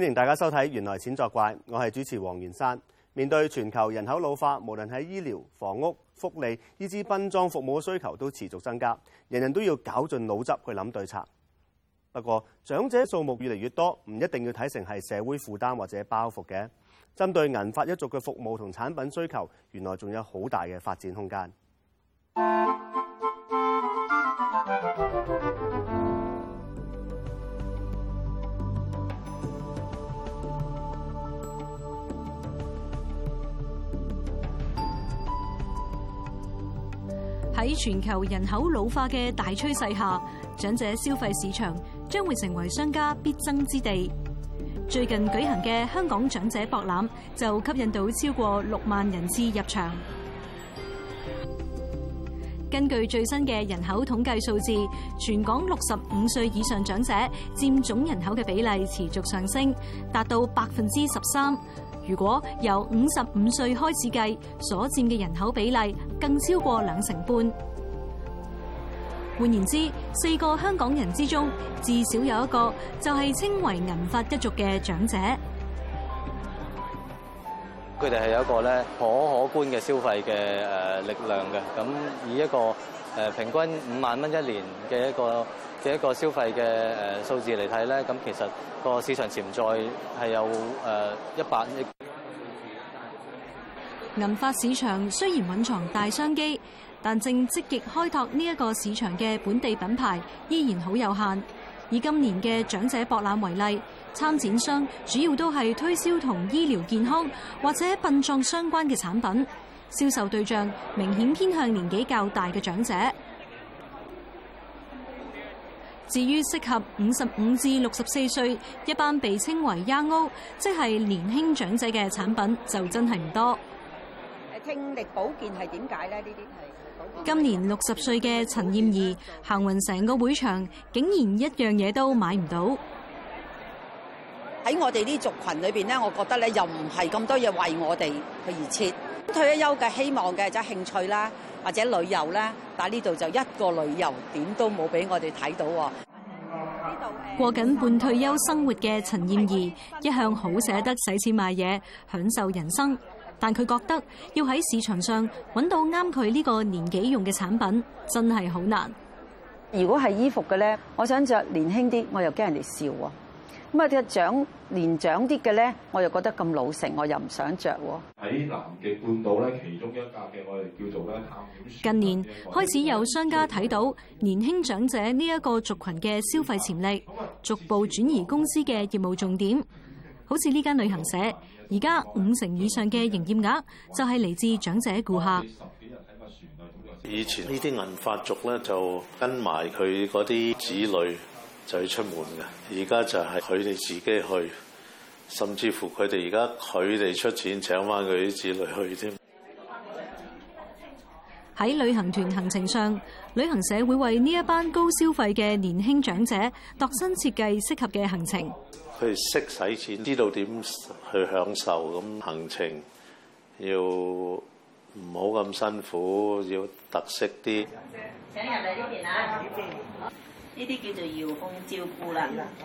歡迎大家收睇《原來錢作怪》，我係主持黃元山。面對全球人口老化，無論喺醫療、房屋、福利，以至殯葬服務嘅需求都持續增加，人人都要搞盡腦汁去諗對策。不過，長者數目越嚟越多，唔一定要睇成係社會負擔或者包袱嘅。針對銀髮一族嘅服務同產品需求，原來仲有好大嘅發展空間。喺全球人口老化嘅大趨勢下，長者消費市場將會成為商家必爭之地。最近舉行嘅香港長者博覽就吸引到超過六萬人次入場。根據最新嘅人口統計數字，全港六十五歲以上長者佔總人口嘅比例持續上升，達到百分之十三。如果由五十五歲開始計，所佔嘅人口比例，更超過兩成半。換言之，四個香港人之中，至少有一個就係稱為銀髮一族嘅長者。佢哋係有一個咧可可觀嘅消費嘅誒力量嘅。咁以一個誒平均五萬蚊一年嘅一個嘅一個消費嘅誒數字嚟睇咧，咁其實個市場潛在係有誒一百億。銀髮市場雖然蘊藏大商機，但正積極開拓呢一個市場嘅本地品牌依然好有限。以今年嘅長者博覽為例，參展商主要都係推銷同醫療健康或者殯葬相關嘅產品，銷售對象明顯偏向年紀較大嘅長者。至於適合五十五至六十四歲一班，被稱為 Young old，即係年輕長者嘅產品，就真係唔多。精力保健係點解呢？呢啲係今年六十歲嘅陳燕兒行運成個會場，竟然一樣嘢都買唔到。喺我哋呢族群裏邊呢，我覺得咧，又唔係咁多嘢為我哋去而設。退一休嘅希望嘅就係、興趣啦，或者旅遊啦，但係呢度就一個旅遊點都冇俾我哋睇到。過緊半退休生活嘅陳燕兒一向好捨得使錢買嘢，享受人生。但佢覺得要喺市場上揾到啱佢呢個年紀用嘅產品，真係好難。如果係衣服嘅呢，我想着年輕啲，我又驚人哋笑喎。咁啊，著長年長啲嘅呢，我又覺得咁老成，我又唔想着喎。喺南極半島咧，其中一格嘅我哋叫做咧。近年開始有商家睇到年輕長者呢一個族群嘅消費潛力，逐步轉移公司嘅業務重點，好似呢間旅行社。而家五成以上嘅營業額就係嚟自長者顧客。以前呢啲銀髮族咧就跟埋佢嗰啲子女就要出門嘅，而家就係佢哋自己去，甚至乎佢哋而家佢哋出錢請返佢啲子女去添。喺旅行團行程上，旅行社會為呢一班高消費嘅年輕長者度身設計適合嘅行程。佢哋識使錢，知道點去享受，咁行程要唔好咁辛苦，要特色啲。請人嚟呢邊啊！呢啲叫做遙控照顧啦。咁、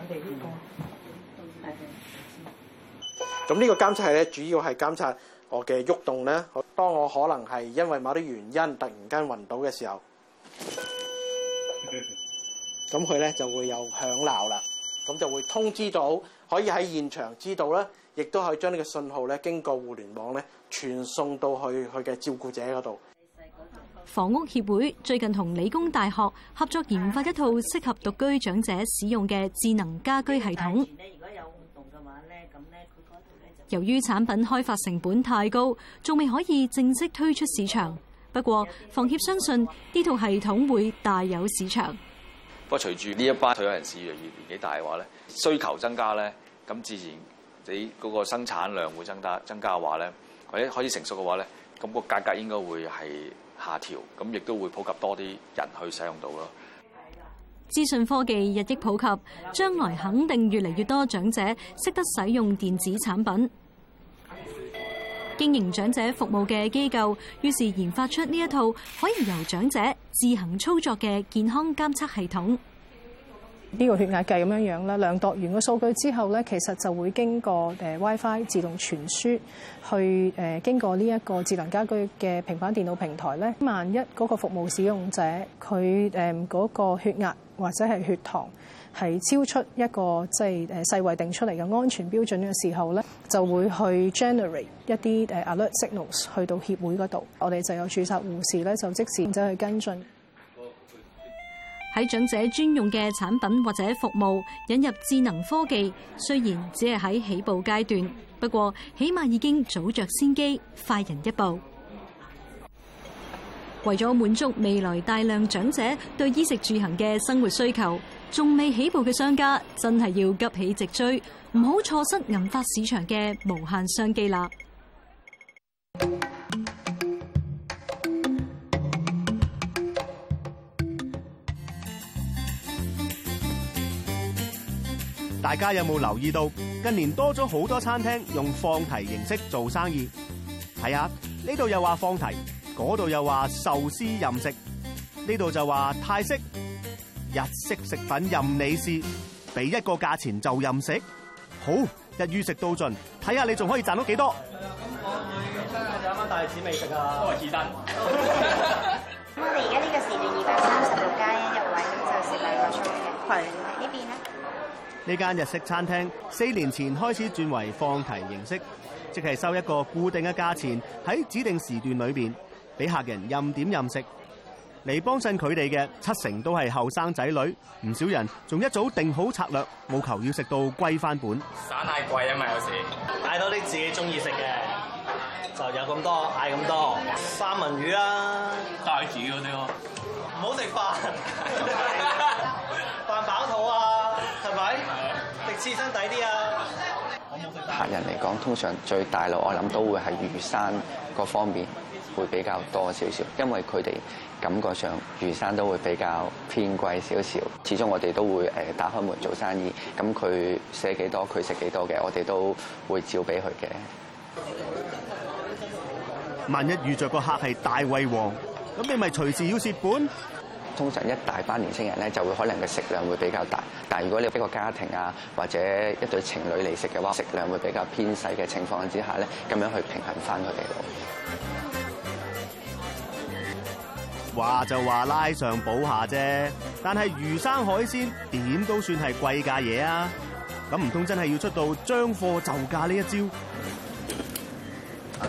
嗯、呢、這個監測咧，主要係監測。我嘅喐動咧，當我可能係因為某啲原因突然間暈倒嘅時候，咁佢咧就會有響鬧啦，咁就會通知到，可以喺現場知道啦，亦都可以將呢個信號咧經過互聯網咧傳送到去佢嘅照顧者嗰度。房屋協會最近同理工大學合作研發一套適合獨居長者使用嘅智能家居系統。由於產品開發成本太高，仲未可以正式推出市場。不過，房協相信呢套系統會大有市場。不過，隨住呢一班退休人士越嚟越年紀大嘅話咧，需求增加咧，咁自然你嗰個生產量會增加增加嘅話咧，或者開始成熟嘅話咧，咁個價格應該會係下調，咁亦都會普及多啲人去使用到咯。資訊科技日益普及，將來肯定越嚟越多長者識得使用電子產品。經營長者服務嘅機構於是研發出呢一套可以由長者自行操作嘅健康監測系統。呢、個血壓計咁樣樣啦，量度完個數據之後咧，其實就會經過 WiFi 自動傳輸，去、呃、經過呢一個智能家居嘅平板電腦平台咧。萬一嗰個服務使用者佢嗰、呃嗰個血壓或者係血糖係超出一個即係誒世衛定出嚟嘅安全標準嘅時候咧，就會去 generate 一啲 alert signals 去到協會嗰度，我哋就有註冊護士咧就即時走去跟進。喺長者專用嘅產品或者服務引入智能科技，雖然只係喺起步階段，不過起碼已經早着先機，快人一步。為咗滿足未來大量長者對衣食住行嘅生活需求，仲未起步嘅商家真係要急起直追，唔好錯失銀髮市場嘅無限商機啦！大家有冇留意到近年多咗好多餐廳用放題形式做生意？睇下呢度又話放題，嗰度又話壽司任食，呢度就話泰式、日式食品任你試，俾一個價錢就任食，好日月食到盡。睇下你仲可以賺到幾多？咁我哋真係有蚊大隻未食啊！都係刺身。我哋而家呢個時段二百三十六加一入位，咁就兩是兩個鍾嘅。係。呢間日式餐廳四年前開始轉為放題形式，即係收一個固定嘅價錢，喺指定時段裏面俾客人任點任食。嚟幫襯佢哋嘅七成都係後生仔女，唔少人仲一早定好策略，務求要食到歸翻本。散太貴啊嘛，有時嗌多啲自己中意食嘅，就有咁多嗌咁多，三文魚啊，帶子嗰啲咯，唔好食飯。 刺身抵啲啊！客人嚟講，通常最大路，我諗都會係魚生嗰方面會比較多少少，因為佢哋感覺上魚生都會比較偏貴少少。始終我哋都會誒打開門做生意，咁佢寫幾多，佢食幾多嘅，我哋都會照俾佢嘅。萬一遇着個客係大胃王，咁你咪隨時要蝕本。通常一大班年青人咧就會可能嘅食量會比較大，但係如果你畀個家庭啊或者一對情侶嚟食嘅話，食量會比較偏細嘅情況之下咧，咁樣去平衡翻佢哋咯。話就話拉上補下啫，但係魚生海鮮點都算係貴價嘢啊！咁唔通真係要出到將貨就價呢一招？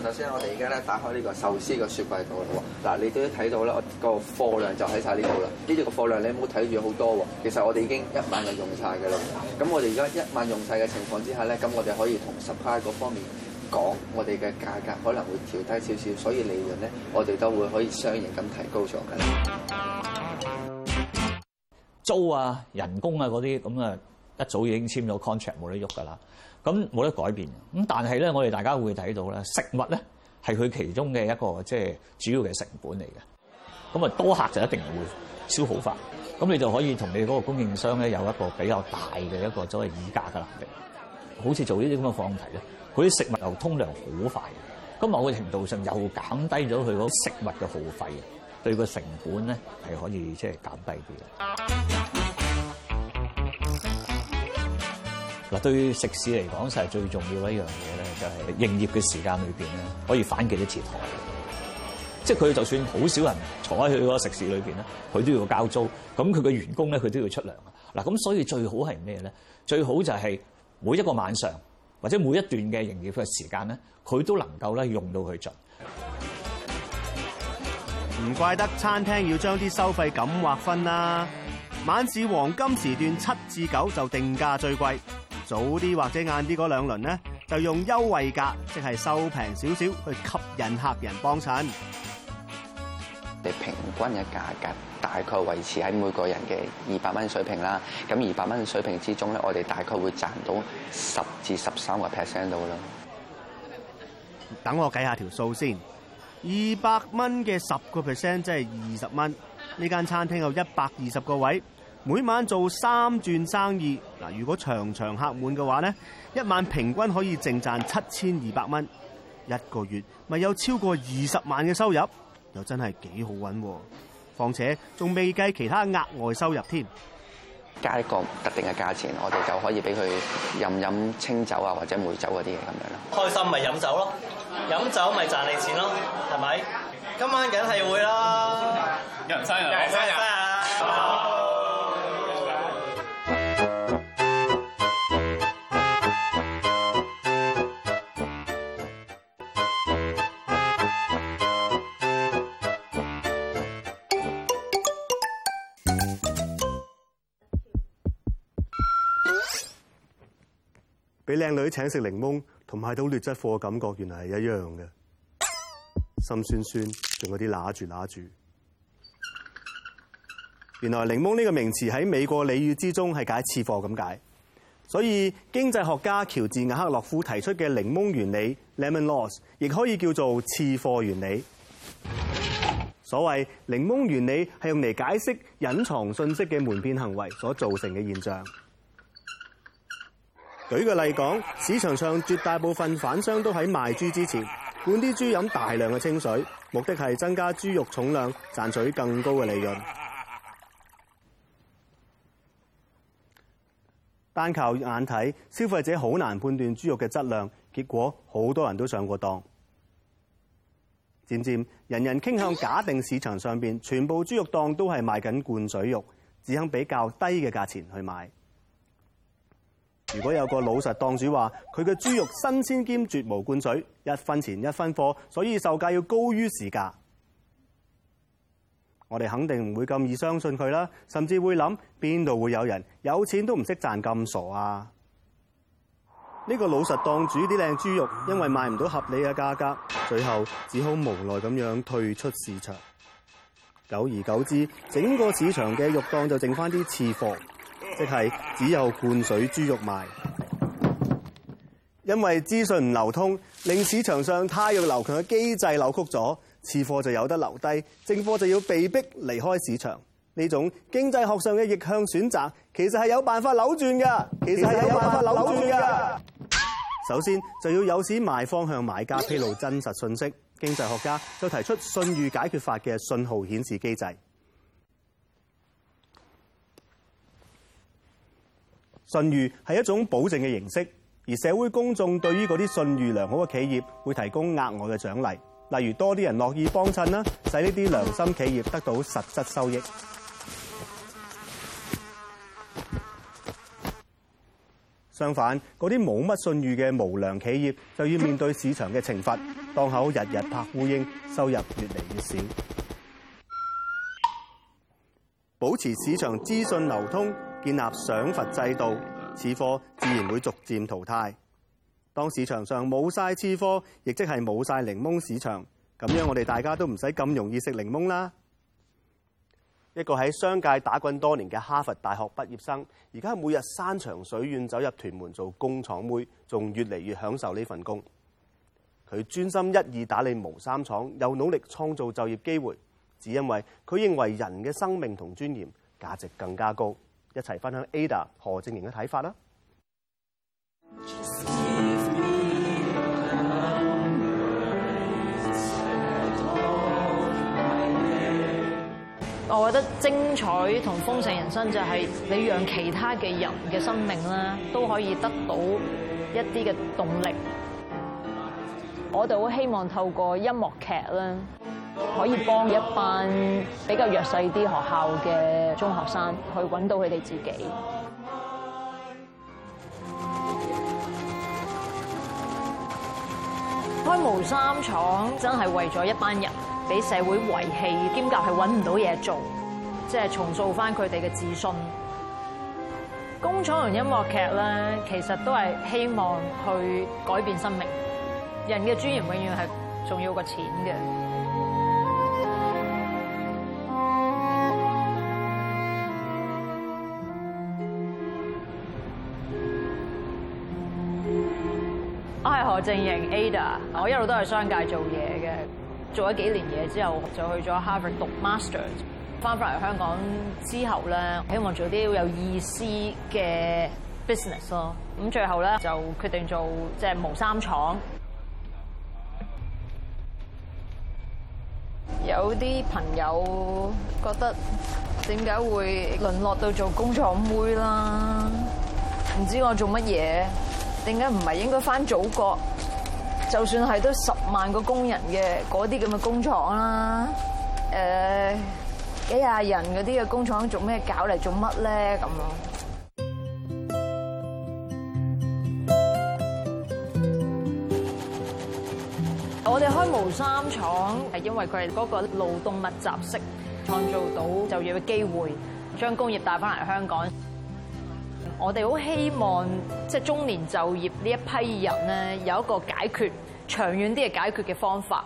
首先，我哋而家咧打開呢個壽司嘅雪櫃度啦。嗱，你都睇到啦，我個貨量就喺晒呢度啦。呢度個貨量你唔好睇住好多喎。其實我哋已經一晚就用晒㗎喇。咁我哋而家一晚用晒嘅情況之下咧，咁我哋可以同 supply 嗰方面講，我哋嘅價格可能會調低少少，所以利潤咧，我哋都會可以相應咁提高咗㗎喇。租啊，人工啊嗰啲咁啊，一早已經簽咗 contract 冇得喐噶啦。咁冇得改變，咁但係咧，我哋大家會睇到咧，食物咧係佢其中嘅一個即係主要嘅成本嚟嘅。咁啊，多客就一定會消耗快，咁你就可以同你嗰個供應商咧有一個比較大嘅一個所謂議價嘅能力。好似做呢啲咁嘅放題咧，佢啲食物流通量好快，咁某個程度上又減低咗佢嗰食物嘅耗費，對個成本咧係可以即係減低啲。對食肆嚟講，實係最重要嘅一樣嘢咧，就係營業嘅時間裏邊咧，可以反幾多次台。即係佢就算好少人坐喺佢個食肆裏邊咧，佢都要交租。咁佢嘅員工咧，佢都要出糧。嗱，咁所以最好係咩咧？最好就係每一個晚上或者每一段嘅營業嘅時間咧，佢都能夠咧用到佢盡。唔怪得餐廳要將啲收費咁劃分啦，啊。晚市黃金時段七至九就定價最貴。早啲或者晏啲嗰兩輪咧，就用優惠價，即係收平少少去吸引客人幫襯。你平均嘅價格大概維持喺每個人嘅二百蚊水平啦。咁二百蚊水平之中咧，我哋大概會賺到十至十三個 percent 到啦。等我計下條數先，二百蚊嘅十個 percent 即係二十蚊。呢間餐廳有一百二十個位，每晚做三轉生意。如果場場客滿嘅話咧，一晚平均可以淨賺七千二百蚊，一個月，咪有超過二十萬嘅收入，又真係幾好搵喎。況且仲未計其他額外收入添。加一個特定嘅價錢，我哋就可以俾佢飲飲清酒啊，或者梅酒嗰啲嘢咁樣咯。開心咪飲酒咯，飲酒咪賺你錢咯，係咪？今晚梗係會啦！有人生日，人生日，人生日。生日。生日靚女請食檸檬同買到劣質貨嘅感覺，原嚟係一樣嘅，心酸酸仲有啲乸住乸住。原來檸檬呢個名詞喺美國俚語之中係解次貨咁解，所以經濟學家喬治亞克洛夫提出嘅檸檬原理 （Lemon Laws） 亦可以叫做次貨原理。所謂檸檬原理係用嚟解釋隱藏信息嘅瞞騙行為所造成嘅現象。舉個例講，市場上絕大部分販商都喺賣豬之前，灌啲豬飲大量嘅清水，目的係增加豬肉重量，賺取更高嘅利潤。單靠眼睇，消費者好難判斷豬肉嘅質量，結果好多人都上過當。漸漸，人人傾向假定市場上邊全部豬肉檔都係賣緊灌水肉，只肯比較低嘅價錢去買。如果有個老實檔主話佢嘅豬肉新鮮兼絕無灌水，一分錢一分貨，所以售價要高於市價，我哋肯定唔會咁易相信佢啦，甚至會諗邊度會有人有錢都唔識賺咁傻啊！呢個老實檔主啲靚豬肉因為賣唔到合理嘅價格，最後只好無奈咁樣退出市場。久而久之，整個市場嘅肉檔就剩翻啲次貨。即係只有灌水豬肉賣，因為資訊唔流通，令市場上汰弱留強嘅機制扭曲咗，次貨就有得留低，正貨就要被迫離開市場。呢種經濟學上嘅逆向選擇，其實係有辦法扭轉㗎。其實係有辦法扭轉㗎。首先就要有錢賣方向買家披露真實信息，經濟學家就提出信譽解決法嘅信號顯示機制。信譽係一種保證嘅形式，而社會公眾對於嗰啲信譽良好嘅企業會提供額外嘅獎勵，例如多啲人樂意幫襯啦，使呢啲良心企業得到實質收益。相反，嗰啲冇乜信譽嘅無良企業就要面對市場嘅懲罰，檔口日日拍烏蠅，收入越嚟越少。保持市場資訊流通，建立賞罰制度，次貨自然會逐漸淘汰。當市場上冇晒次貨，亦即係冇晒檸檬市場，咁樣我哋大家都唔使咁容易食檸檬啦。一個喺商界打滾多年嘅哈佛大學畢業生，而家每日山長水遠走入屯門做工廠妹，仲越嚟越享受呢份工。佢專心一意打理毛衫廠，又努力創造就業機會，只因為佢認為人嘅生命同尊嚴價值更加高。一齊分享 Ada 何靜瑩嘅睇法啦！我覺得精彩同豐盛人生，就係你讓其他嘅人嘅生命都可以得到一啲嘅動力。我哋好希望透過音樂劇可以幫一班比較弱勢啲學校嘅中學生去揾到佢哋自己開毛衫廠，真係為咗一班人俾社會遺棄兼夾係揾唔到嘢做，即係重塑翻佢哋嘅自信。工廠同音樂劇咧，其實都係希望去改變生命。人嘅尊嚴永遠係重要過錢嘅。我正型 Ada，我一路都喺商界做嘢嘅，做咗幾年嘢之後，就去咗 Harvard 讀 master，翻返嚟香港之後咧，希望做啲有意思嘅 business 咯。咁最後咧就決定做即係毛衫廠。有啲朋友覺得點解會淪落到做工廠妹啦？唔知我做乜嘢？點解唔係應該翻祖國？就算係都十萬個工人嘅嗰啲咁嘅工廠啦，誒幾廿人嗰啲嘅工廠做咩搞嚟做乜咧？咁咯。我哋開毛衫廠係因為佢係嗰個勞動密集式創造到就業嘅機會將工業帶翻嚟香港。我哋好希望即係中年就業呢一批人咧，有一個解決長遠啲嘅解決嘅方法。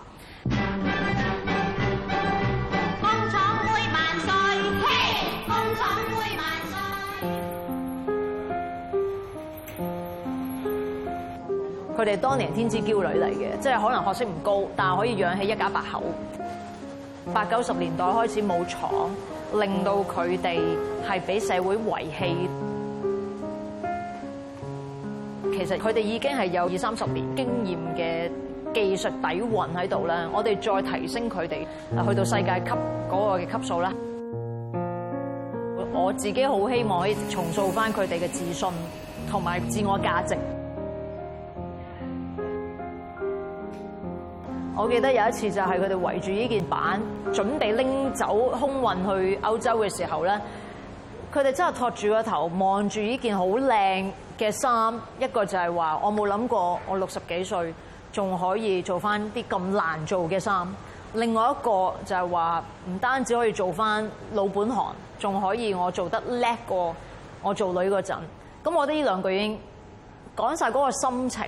工廠妹萬歲，嘿，工廠妹萬歲。佢哋當年天之驕女嚟嘅，即係可能學識唔高，但係可以養起一家八口。八九十年代開始冇廠，令到佢哋係俾社會遺棄。其實佢哋已經係有二三十年經驗嘅技術底蘊喺度啦，我哋再提升佢哋，去到世界級嗰個嘅級數啦。我自己好希望可以重塑返佢哋嘅自信同埋自我價值。我記得有一次就係佢哋圍住呢件板，準備拎走空運去歐洲嘅時候咧。佢哋真係托住個頭望住呢件好靚嘅衫，一個就係話我冇諗過我六十幾歲仲可以做翻啲咁難做嘅衫。另外一個就係話唔單止可以做翻老本行，仲可以我做得叻過我做女嗰陣。咁我覺得呢兩句已經講晒嗰個心情，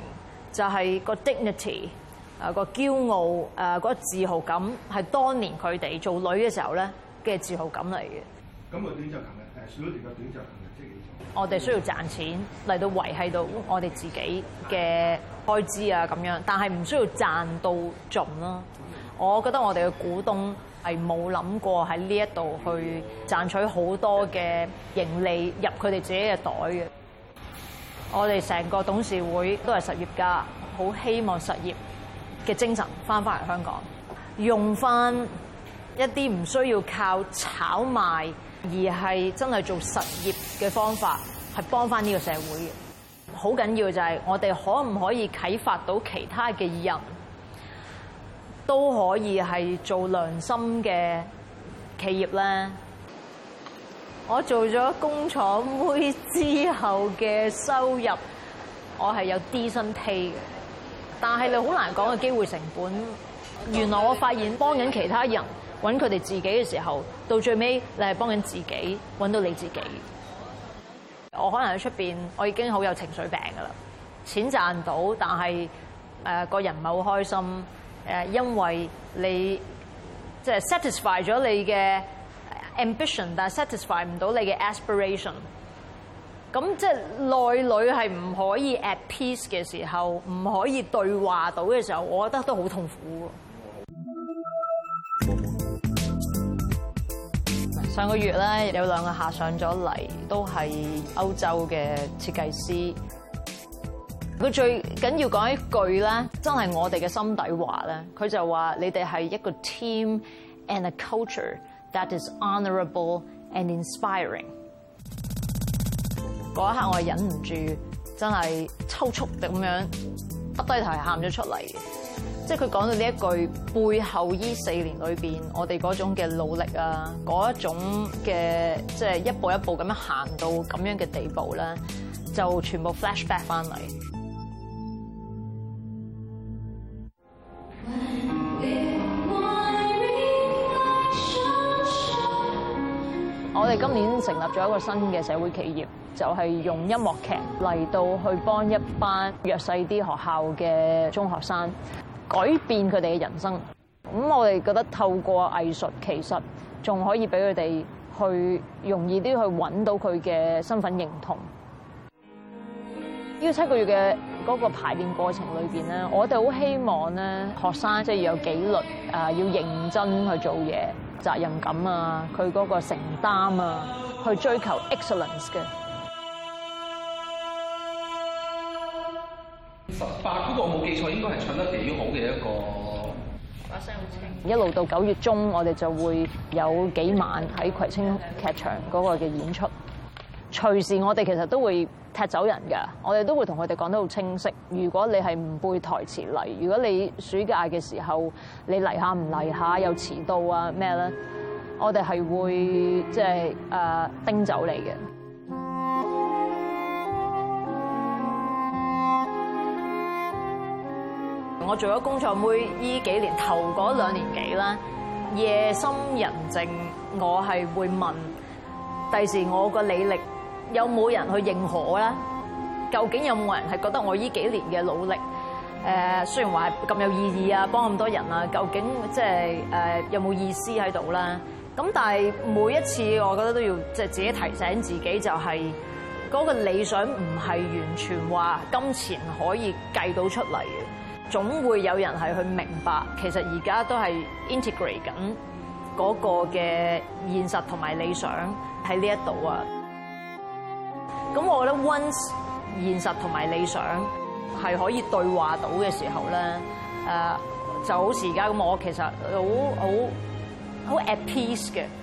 就係、是、個 dignity 誒個驕傲誒、嗰個自豪感係當年佢哋做女嘅時候咧嘅自豪感嚟嘅。咁嗰啲就我哋需要賺錢嚟到維係到我哋自己嘅開支啊，咁樣，但係唔需要賺到盡咯。我覺得我哋嘅股東係冇諗過喺呢一度去賺取好多嘅盈利入佢哋自己嘅袋嘅。我哋成個董事會都係實業家，好希望實業嘅精神翻返嚟香港，用翻一啲唔需要靠炒賣。而係真係做實業嘅方法，係幫翻呢個社會嘅。好緊要係，就係我哋可唔可以啟發到其他嘅人，都可以係做良心嘅企業咧？我做咗工廠妹之後嘅收入，我係有底薪 pay 嘅，但係你好難講嘅機會成本。原來我發現幫緊其他人，揾佢哋自己嘅時候，到最尾你係幫緊自己揾到你自己。我可能喺出面，我已經好有情緒病㗎啦。錢賺到，但係、呃、個人唔係好開心、呃。因為你即係、就是、satisfy 咗你嘅 ambition，但係 satisfy 唔到你嘅 aspiration。咁即係內裏係唔可以 at peace 嘅時候，唔可以對話到嘅時候，我覺得都好痛苦喎。上個月咧有兩個客上咗嚟，都係歐洲嘅設計師。佢最緊要講一句咧，真係我哋嘅心底話咧，佢就話：你哋係一個 team and a culture that is honorable and inspiring。嗰一刻我係忍唔住，真係抽搐的咁樣，耷低頭係喊咗出嚟嘅。即係佢講到呢一句背後，依四年裏面，我哋嗰種嘅努力啊，嗰一種嘅即係一步一步咁樣行到咁樣嘅地步咧，就全部 flashback 翻嚟。我哋今年成立咗一個新嘅社會企業，就係用音樂劇嚟到去幫一班弱勢啲學校嘅中學生。改變佢哋嘅人生，咁我哋覺得透過藝術，其實仲可以俾佢哋去容易啲去揾到佢嘅身份認同。呢個七個月嘅嗰個排練過程裏邊咧，我哋好希望咧學生即係要有紀律啊，要認真去做嘢，責任感啊，佢嗰個承擔啊，去追求 excellence 嘅。白嗰個，我冇記錯，應該係唱得幾好嘅一個，把聲好清。一路到九月中，我哋就會有幾晚喺葵青劇場嗰個嘅演出。隨時我哋其實都會踢走人嘅，我哋都會同佢哋講得好清晰。如果你係唔背台詞嚟，如果你暑假嘅時候你嚟下唔嚟下又遲到啊咩咧，我哋係會即係誒叮走你嘅。我做咗工作妹，依幾年頭嗰兩年幾啦，夜深人靜，我係會問第時我個履歷有冇人去認可咧？究竟有冇人係覺得我依幾年嘅努力誒？雖然話係咁有意義啊，幫咁多人啊，究竟即係誒有冇意思喺度啦？咁但係每一次我覺得都要即係自己提醒自己，就係嗰個理想唔係完全話金錢可以計到出嚟嘅。總會有人係去明白，其實而家都係 integrate 緊嗰個嘅現實同埋理想喺呢一度啊。咁我覺得 once 現實同埋理想係可以對話到嘅時候咧，誒就好似而家咁，我其實好好好 at peace 嘅。很很